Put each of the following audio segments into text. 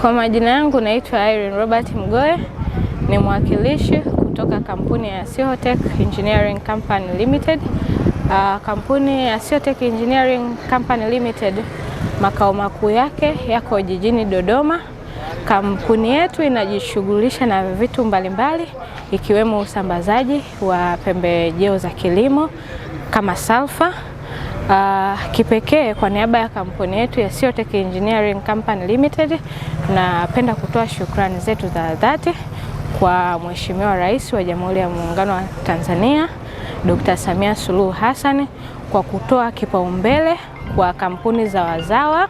Kwa majina yangu naitwa Irene Robert Mgoe, ni mwakilishi kutoka kampuni ya Siotech Engineering Company Limited. Uh, kampuni ya Siotech Engineering Company Limited makao makuu yake yako jijini Dodoma. Kampuni yetu inajishughulisha na vitu mbalimbali mbali, ikiwemo usambazaji wa pembejeo za kilimo kama salfa Uh, kipekee kwa niaba ya kampuni yetu ya Siotech Engineering Company Limited tunapenda kutoa shukrani zetu za dhati kwa Mheshimiwa Rais wa Jamhuri ya Muungano wa Tanzania Dr. Samia Suluhu Hassan kwa kutoa kipaumbele kwa kampuni za wazawa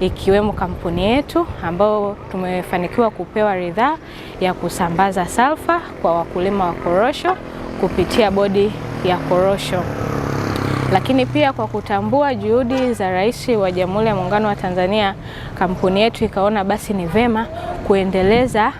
ikiwemo kampuni yetu ambayo tumefanikiwa kupewa ridhaa ya kusambaza salfa kwa wakulima wa korosho kupitia bodi ya korosho lakini pia kwa kutambua juhudi za Rais wa Jamhuri ya Muungano wa Tanzania, kampuni yetu ikaona basi ni vema kuendeleza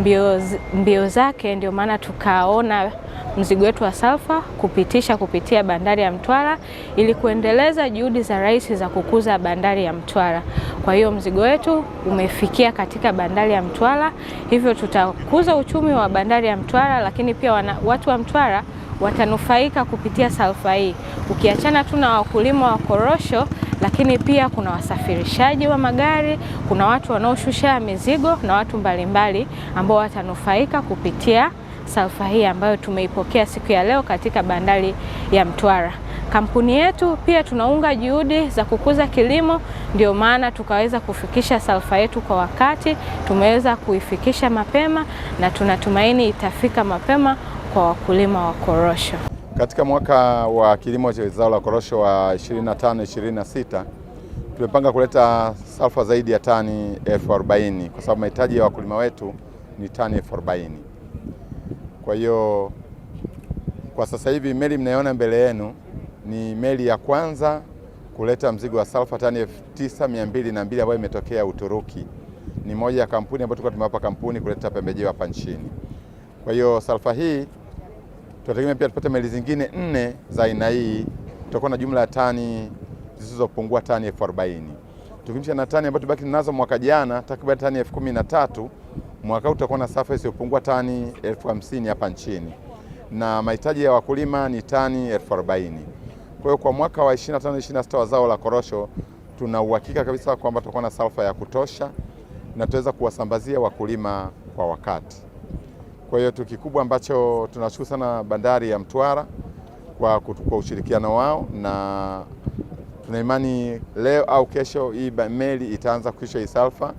mbio, mbio zake. Ndio maana tukaona mzigo wetu wa salfa kupitisha kupitia bandari ya Mtwara ili kuendeleza juhudi za rais za kukuza bandari ya Mtwara. Kwa hiyo mzigo wetu umefikia katika bandari ya Mtwara, hivyo tutakuza uchumi wa bandari ya Mtwara, lakini pia wana, watu wa Mtwara watanufaika kupitia salfa hii, ukiachana tu na wakulima wa korosho, lakini pia kuna wasafirishaji wa magari, kuna watu wanaoshusha mizigo na watu mbalimbali ambao watanufaika kupitia salfa hii ambayo tumeipokea siku ya leo katika bandari ya Mtwara. Kampuni yetu pia tunaunga juhudi za kukuza kilimo, ndio maana tukaweza kufikisha salfa yetu kwa wakati. Tumeweza kuifikisha mapema na tunatumaini itafika mapema kwa wakulima wa korosho. Katika mwaka wa kilimo cha zao la korosho wa 25 26 tumepanga kuleta salfa zaidi ya tani elfu arobaini kwa sababu mahitaji ya wakulima wetu ni tani elfu arobaini. Kwa hiyo kwa sasa hivi meli mnayoona mbele yenu ni meli ya kwanza kuleta mzigo wa salfa tani elfu tisa mia mbili na mbili ambayo imetokea Uturuki. Ni moja ya kampuni ambayo tulikuwa tumewapa kampuni kuleta pembejeo hapa nchini. Kwa hiyo salfa hii tunategemea pia tupate meli zingine nne za aina hii, tutakuwa na jumla ya tani zisizopungua tani elfu arobaini tukimsha na tani ambayo tubaki nazo mwaka jana takriban tani elfu kumi na tatu mwaka huu tutakuwa na safa isiyopungua tani elfu hamsini hapa nchini na mahitaji ya wakulima ni tani elfu arobaini kwa hiyo kwa mwaka wa 25 26 wa zao la korosho tuna uhakika kabisa kwamba tutakuwa na safa ya kutosha na tutaweza kuwasambazia wakulima kwa wakati. Kwa hiyo tu kikubwa ambacho tunashukuru sana bandari ya Mtwara kwa, kwa ushirikiano wao na tuna imani leo au kesho hii meli itaanza kuisha hii salfa,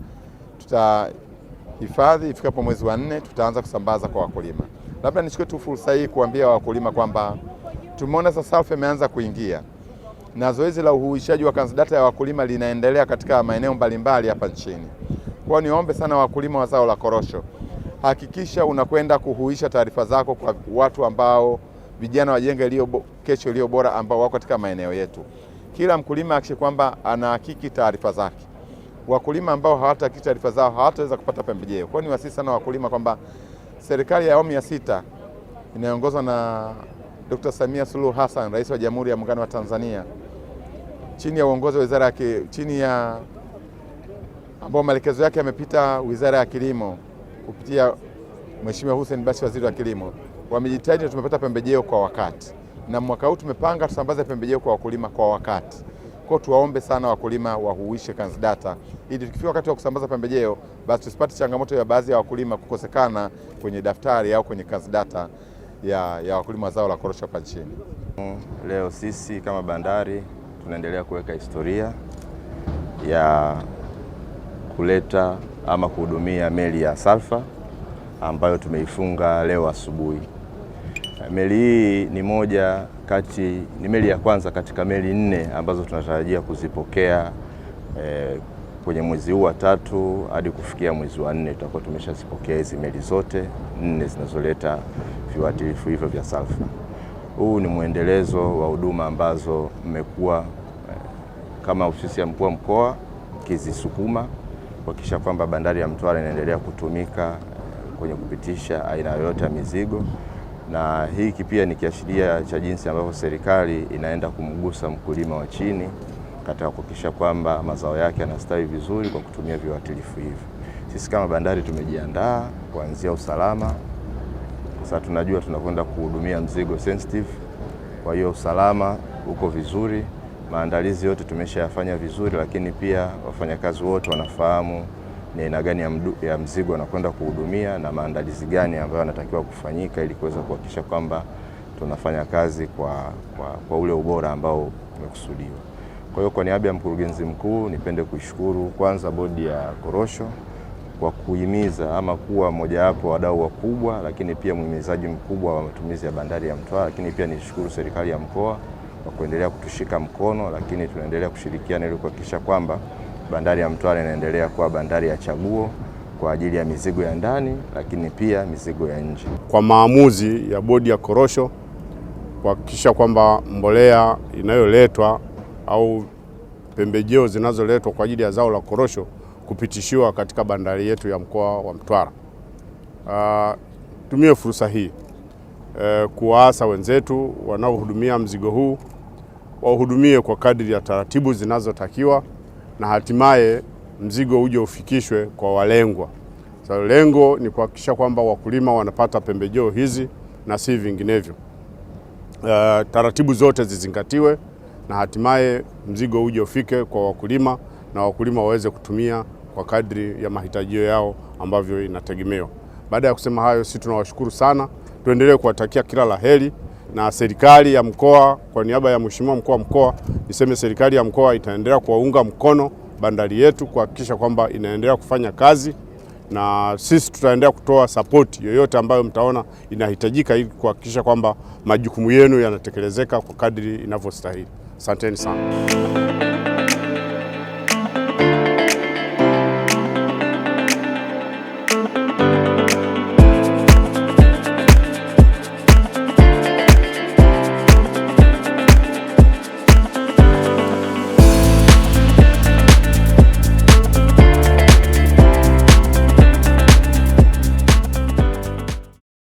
tutahifadhi ifikapo mwezi wa nne tutaanza kusambaza kwa wakulima. Labda nichukue tu fursa hii kuambia wakulima kwamba tumeona sasa salfa imeanza kuingia na zoezi la uhuishaji wa kanzidata ya wakulima linaendelea katika maeneo mbalimbali hapa nchini. Kwa hiyo niombe sana wakulima wa zao la korosho hakikisha unakwenda kuhuisha taarifa zako kwa watu ambao vijana wajenga iliyo kesho iliyo bora ambao wako katika maeneo yetu. Kila mkulima akishe kwamba anahakiki taarifa zake. Wakulima ambao hawatahakiki taarifa zao hawataweza kupata pembejeo. Kwa hiyo ni wasii sana wakulima kwamba serikali ya awamu ya sita inayoongozwa na Dr. Samia Suluhu Hassan, Rais wa Jamhuri ya Muungano wa Tanzania, chini ya uongozi wa wizara ya chini ya ambao maelekezo yake yamepita Wizara ya Kilimo kupitia Mheshimiwa Hussein Bashe, waziri wa kilimo, wamejitahidi na tumepata pembejeo kwa wakati, na mwaka huu tumepanga tusambaze pembejeo kwa wakulima kwa wakati. Kwa tuwaombe sana wakulima wahuishe kanzidata ili tukifika wakati wa kusambaza pembejeo basi tusipate changamoto ya baadhi ya wakulima kukosekana kwenye daftari au kwenye kanzidata ya, ya wakulima wa zao la korosho hapa nchini. Leo sisi kama bandari tunaendelea kuweka historia ya kuleta ama kuhudumia meli ya Salfa ambayo tumeifunga leo asubuhi. Meli hii ni moja kati, ni meli ya kwanza katika meli nne ambazo tunatarajia kuzipokea eh, kwenye mwezi huu wa tatu hadi kufikia mwezi wa nne tutakuwa tumeshazipokea hizi meli zote nne zinazoleta viuatilifu hivyo vya salfa. Huu ni mwendelezo wa huduma ambazo mmekuwa eh, kama ofisi ya mkuu wa mkoa kizisukuma kuhakikisha kwamba bandari ya Mtwara inaendelea kutumika kwenye kupitisha aina yoyote ya mizigo, na hiki pia ni kiashiria cha jinsi ambavyo serikali inaenda kumgusa mkulima wa chini katika kuhakikisha kwamba mazao yake yanastawi vizuri kwa kutumia viuatilifu hivi. Sisi kama bandari tumejiandaa kuanzia usalama. Sasa tunajua tunakwenda kuhudumia mzigo sensitive, kwa hiyo usalama uko vizuri maandalizi yote tumeshayafanya vizuri, lakini pia wafanyakazi wote wanafahamu ni aina gani ya, ya mzigo wanakwenda kuhudumia na maandalizi gani ambayo yanatakiwa kufanyika ili kuweza kuhakikisha kwamba tunafanya kazi kwa, kwa, kwa ule ubora ambao umekusudiwa. Kwa hiyo kwa niaba ya mkurugenzi mkuu nipende kuishukuru kwanza bodi ya korosho kwa kuhimiza ama kuwa mojawapo wadau wakubwa, lakini pia mhimizaji mkubwa wa matumizi ya bandari ya Mtwara, lakini pia nishukuru serikali ya mkoa kwa kuendelea kutushika mkono, lakini tunaendelea kushirikiana ili kuhakikisha kwamba bandari ya Mtwara inaendelea kuwa bandari ya chaguo kwa ajili ya mizigo ya ndani, lakini pia mizigo ya nje. Kwa maamuzi ya bodi ya korosho kuhakikisha kwamba mbolea inayoletwa au pembejeo zinazoletwa kwa ajili ya zao la korosho kupitishiwa katika bandari yetu ya mkoa wa Mtwara. Uh, ah, tumie fursa hii uh, kuwaasa wenzetu wanaohudumia mzigo huu wahudumie kwa kadri ya taratibu zinazotakiwa na hatimaye mzigo uje ufikishwe kwa walengwa. So, lengo ni kuhakikisha kwamba wakulima wanapata pembejeo hizi na si vinginevyo. Uh, taratibu zote zizingatiwe na hatimaye mzigo uje ufike kwa wakulima na wakulima waweze kutumia kwa kadri ya mahitajio yao ambavyo inategemewa. Baada ya kusema hayo, sisi tunawashukuru sana, tuendelee kuwatakia kila la heri na serikali ya mkoa kwa niaba ya Mheshimiwa mkuu wa mkoa niseme, serikali ya mkoa itaendelea kuwaunga mkono bandari yetu kuhakikisha kwamba inaendelea kufanya kazi, na sisi tutaendelea kutoa sapoti yoyote ambayo mtaona inahitajika ili kuhakikisha kwamba majukumu yenu yanatekelezeka kwa kadri inavyostahili. Asanteni sana.